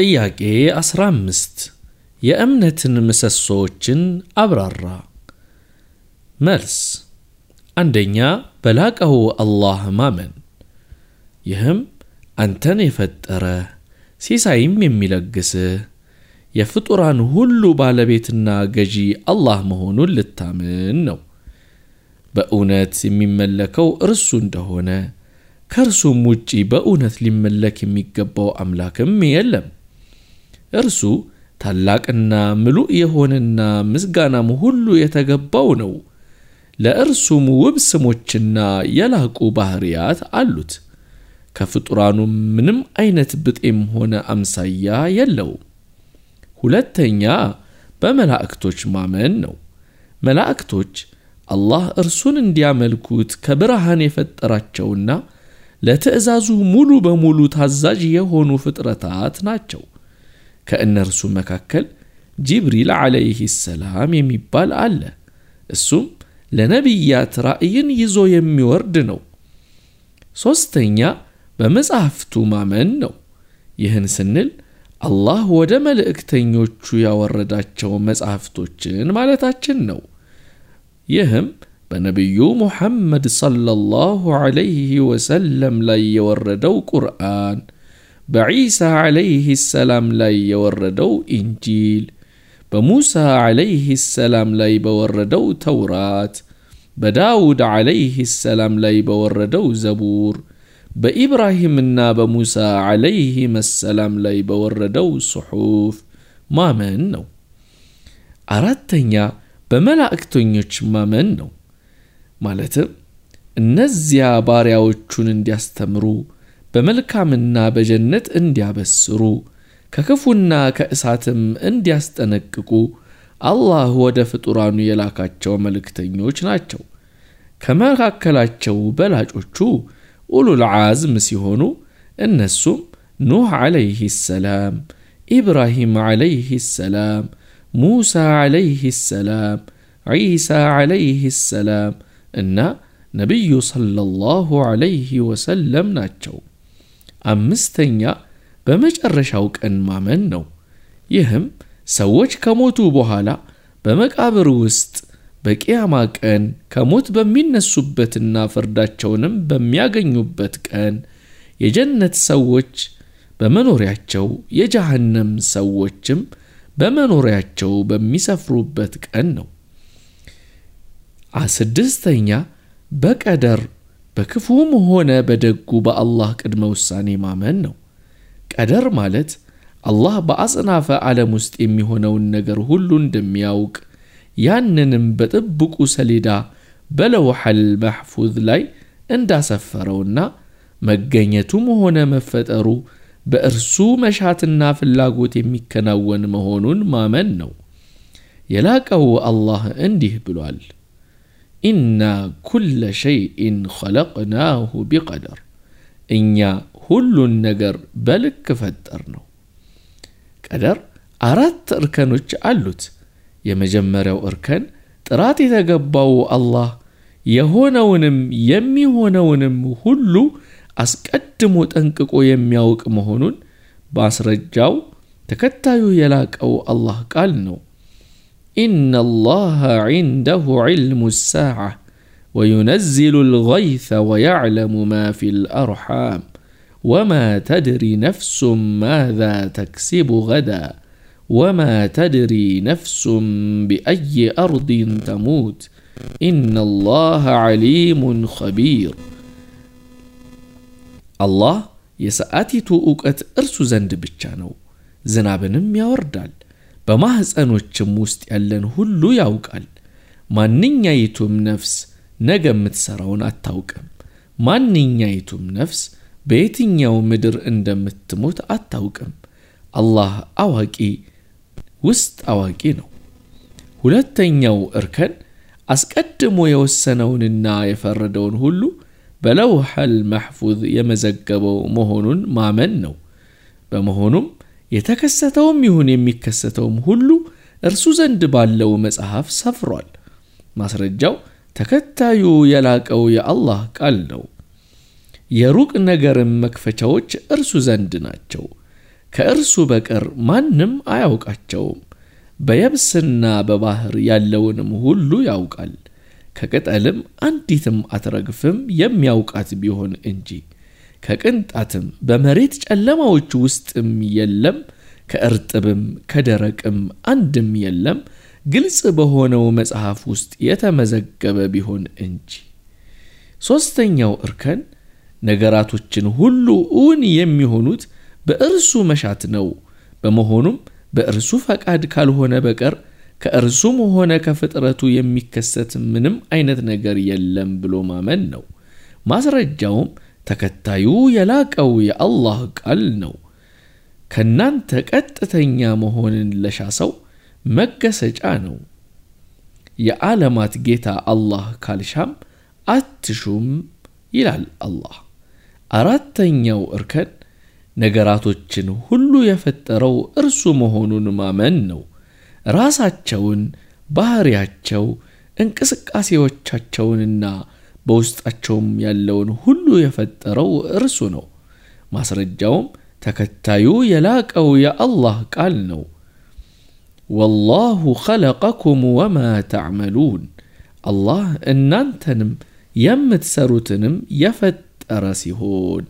ጥያቄ 15 የእምነትን ምሰሶዎችን አብራራ። መልስ፣ አንደኛ በላቀው አላህ ማመን፣ ይህም አንተን የፈጠረ ሲሳይም የሚለግስህ የፍጡራን ሁሉ ባለቤትና ገዢ አላህ መሆኑን ልታምን ነው። በእውነት የሚመለከው እርሱ እንደሆነ ከእርሱም ውጪ በእውነት ሊመለክ የሚገባው አምላክም የለም። እርሱ ታላቅና ምሉእ የሆነና ምስጋናም ሁሉ የተገባው ነው። ለእርሱም ውብ ስሞችና የላቁ ባህርያት አሉት። ከፍጡራኑ ምንም አይነት ብጤም ሆነ አምሳያ የለውም። ሁለተኛ በመላእክቶች ማመን ነው። መላእክቶች አላህ እርሱን እንዲያመልኩት ከብርሃን የፈጠራቸውና ለትእዛዙ ሙሉ በሙሉ ታዛዥ የሆኑ ፍጥረታት ናቸው። ከእነርሱም መካከል ጅብሪል ዓለይህ ሰላም የሚባል አለ እሱም ለነቢያት ራእይን ይዞ የሚወርድ ነው ሦስተኛ በመጽሐፍቱ ማመን ነው ይህን ስንል አላህ ወደ መልእክተኞቹ ያወረዳቸው መጽሐፍቶችን ማለታችን ነው ይህም በነቢዩ ሙሐመድ ሰለላሁ ዐለይህ ወሰለም ላይ የወረደው ቁርአን بعيسى عليه السلام لا يوردو إنجيل بموسى عليه السلام لا يوردو توراة بداود عليه السلام لا يوردو زبور بإبراهيم الناب موسى عليه السلام لا يوردو صحوف ما منو أردتني በመላእክተኞች ማመን النزيا ማለትም እነዚያ ባሪያዎቹን እንዲያስተምሩ بملكامنا بجنت انديا بسرو ككفونا كاساتم انديا استنككو الله هو دفتران يلاكاتشو ملك تنيوشناتشو كما غاكلاتشو بلاجوتشو أولو العازم سيهونو إن السم نوح عليه السلام إبراهيم عليه السلام موسى عليه السلام عيسى عليه السلام إن نبي صلى الله عليه وسلم ناتشو አምስተኛ በመጨረሻው ቀን ማመን ነው። ይህም ሰዎች ከሞቱ በኋላ በመቃብር ውስጥ በቂያማ ቀን ከሞት በሚነሱበትና ፍርዳቸውንም በሚያገኙበት ቀን የጀነት ሰዎች በመኖሪያቸው የጀሃነም ሰዎችም በመኖሪያቸው በሚሰፍሩበት ቀን ነው። አስድስተኛ በቀደር بكفوم هنا بدقو با الله قد موساني ما منو قدر مالت الله بأصناف على مستيمي هنا والنقر هلون دمياوك ياننن بتبكو سليدا بلوح المحفوظ لاي اندا سفرونا مجنيتو هنا مفترو بأرسو مشات الناف اللاقوت يميكنا ونمهونون ما منو يلاكو الله انديه بلوال ኢና ኩለ ሸይኢን ኸለቅናሁ ቢቀደር እኛ ሁሉን ነገር በልክ ፈጠር ነው። ቀደር አራት እርከኖች አሉት። የመጀመሪያው እርከን ጥራት የተገባው አላህ የሆነውንም የሚሆነውንም ሁሉ አስቀድሞ ጠንቅቆ የሚያውቅ መሆኑን በአስረጃው ተከታዩ የላቀው አላህ ቃል ነው። إن الله عنده علم الساعة وينزل الغيث ويعلم ما في الأرحام وما تدري نفس ماذا تكسب غدا وما تدري نفس بأي أرض تموت إن الله عليم خبير الله يسأتي توقت إرسو زند بچانو زنابنم يوردال በማኅፀኖችም ውስጥ ያለን ሁሉ ያውቃል። ማንኛይቱም ነፍስ ነገ የምትሠራውን አታውቅም። ማንኛይቱም ነፍስ በየትኛው ምድር እንደምትሞት አታውቅም። አላህ አዋቂ ውስጥ አዋቂ ነው። ሁለተኛው እርከን አስቀድሞ የወሰነውንና የፈረደውን ሁሉ በለውሐል መሕፉዝ የመዘገበው መሆኑን ማመን ነው። በመሆኑም የተከሰተውም ይሁን የሚከሰተውም ሁሉ እርሱ ዘንድ ባለው መጽሐፍ ሰፍሯል። ማስረጃው ተከታዩ የላቀው የአላህ ቃል ነው። የሩቅ ነገርም መክፈቻዎች እርሱ ዘንድ ናቸው። ከእርሱ በቀር ማንም አያውቃቸውም። በየብስና በባህር ያለውንም ሁሉ ያውቃል። ከቅጠልም አንዲትም አትረግፍም የሚያውቃት ቢሆን እንጂ ከቅንጣትም በመሬት ጨለማዎች ውስጥም የለም፣ ከእርጥብም ከደረቅም አንድም የለም፣ ግልጽ በሆነው መጽሐፍ ውስጥ የተመዘገበ ቢሆን እንጂ። ሦስተኛው እርከን ነገራቶችን ሁሉ እውን የሚሆኑት በእርሱ መሻት ነው። በመሆኑም በእርሱ ፈቃድ ካልሆነ በቀር ከእርሱም ሆነ ከፍጥረቱ የሚከሰት ምንም አይነት ነገር የለም ብሎ ማመን ነው። ማስረጃውም ተከታዩ የላቀው የአላህ ቃል ነው። ከእናንተ ቀጥተኛ መሆንን ለሻ ሰው መገሰጫ ነው። የዓለማት ጌታ አላህ ካልሻም አትሹም ይላል አላህ። አራተኛው እርከን ነገራቶችን ሁሉ የፈጠረው እርሱ መሆኑን ማመን ነው። ራሳቸውን፣ ባህሪያቸው፣ እንቅስቃሴዎቻቸውንና በውስጣቸውም ያለውን ሁሉ የፈጠረው እርሱ ነው። ማስረጃውም ተከታዩ የላቀው የአላህ ቃል ነው። ወላሁ ኸለቀኩም ወማ ተዕመሉን አላህ እናንተንም የምትሰሩትንም የፈጠረ ሲሆን